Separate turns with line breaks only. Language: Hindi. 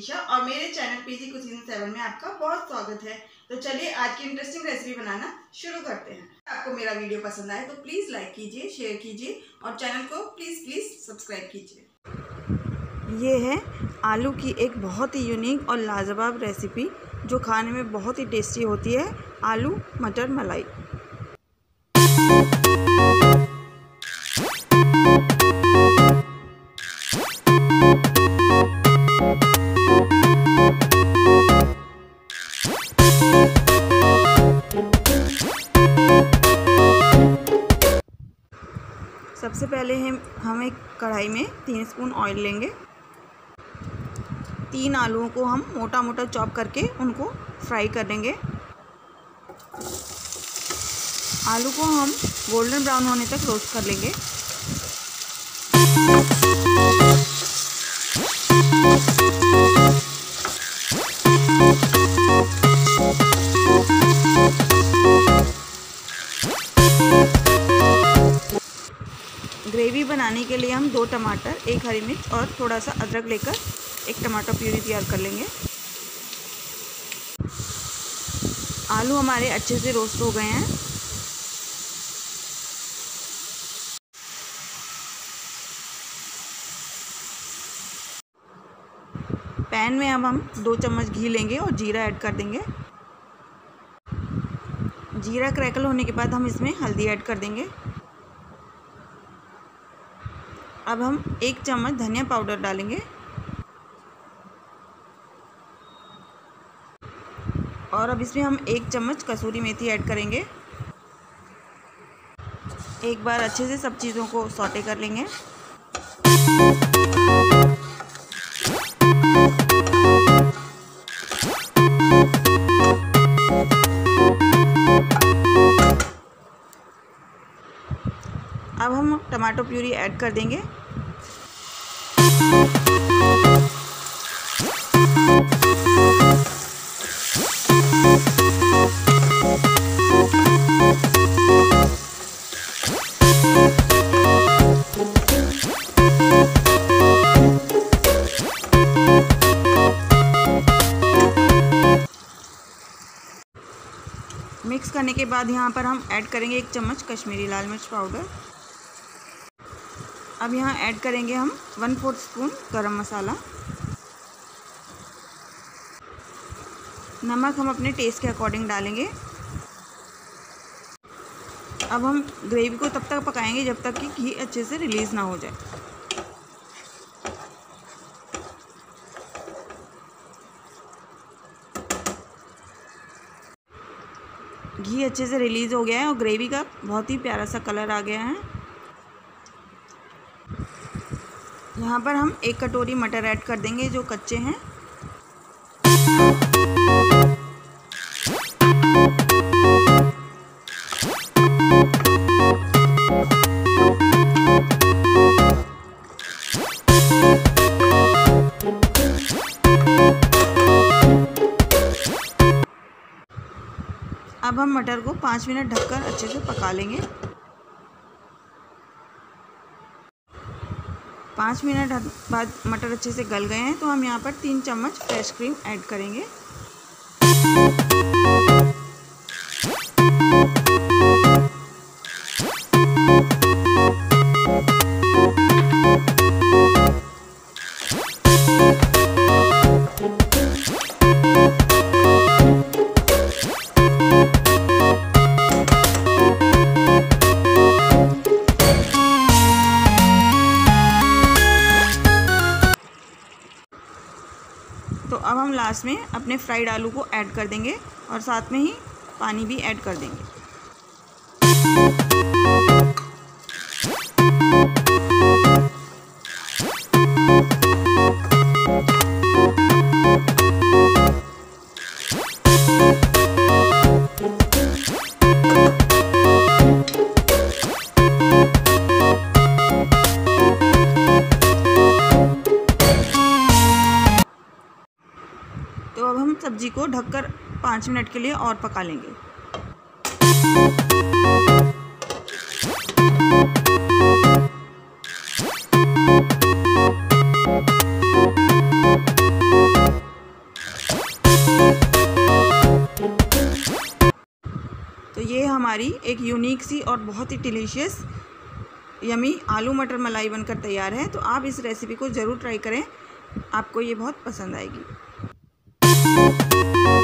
दिशा और मेरे चैनल पीजी कुछ सेवन में आपका बहुत स्वागत है तो चलिए आज की इंटरेस्टिंग रेसिपी बनाना शुरू करते हैं आपको मेरा वीडियो पसंद आए तो प्लीज़ लाइक कीजिए शेयर कीजिए और चैनल को प्लीज़ प्लीज़ सब्सक्राइब कीजिए ये है आलू की एक बहुत ही यूनिक और लाजवाब रेसिपी जो खाने में बहुत ही टेस्टी होती है आलू मटर मलाई सबसे पहले हम हम एक कढ़ाई में तीन स्पून ऑयल लेंगे तीन आलूओं को हम मोटा मोटा चॉप करके उनको फ्राई कर लेंगे आलू को हम गोल्डन ब्राउन होने तक रोस्ट कर लेंगे बनाने के लिए हम दो टमाटर एक हरी मिर्च और थोड़ा सा अदरक लेकर एक टमाटर प्यूरी तैयार कर लेंगे आलू हमारे अच्छे से रोस्ट हो गए हैं पैन में अब हम दो चम्मच घी लेंगे और जीरा ऐड कर देंगे जीरा क्रैकल होने के बाद हम इसमें हल्दी ऐड कर देंगे अब हम एक चम्मच धनिया पाउडर डालेंगे और अब इसमें हम एक चम्मच कसूरी मेथी ऐड करेंगे एक बार अच्छे से सब चीज़ों को सौटे कर लेंगे अब हम टमाटो प्यूरी ऐड कर देंगे मिक्स करने के बाद यहाँ पर हम ऐड करेंगे एक चम्मच कश्मीरी लाल मिर्च पाउडर अब यहाँ ऐड करेंगे हम one fourth spoon garam masala नमक हम अपने टेस्ट के अकॉर्डिंग डालेंगे अब हम ग्रेवी को तब तक पकाएंगे जब तक कि घी अच्छे से रिलीज़ ना हो जाए घी अच्छे से रिलीज़ हो गया है और ग्रेवी का बहुत ही प्यारा सा कलर आ गया है यहाँ पर हम एक कटोरी मटर ऐड कर देंगे जो कच्चे हैं अब हम मटर को पाँच मिनट ढककर अच्छे से पका लेंगे पाँच मिनट बाद मटर अच्छे से गल गए हैं तो हम यहाँ पर तीन चम्मच फ्रेश क्रीम ऐड करेंगे लास्ट में अपने फ्राइड आलू को ऐड कर देंगे और साथ में ही पानी भी ऐड कर देंगे सब्जी को ढककर पाँच मिनट के लिए और पका लेंगे तो ये हमारी एक यूनिक सी और बहुत ही डिलीशियस यमी आलू मटर मलाई बनकर तैयार है तो आप इस रेसिपी को ज़रूर ट्राई करें आपको ये बहुत पसंद आएगी you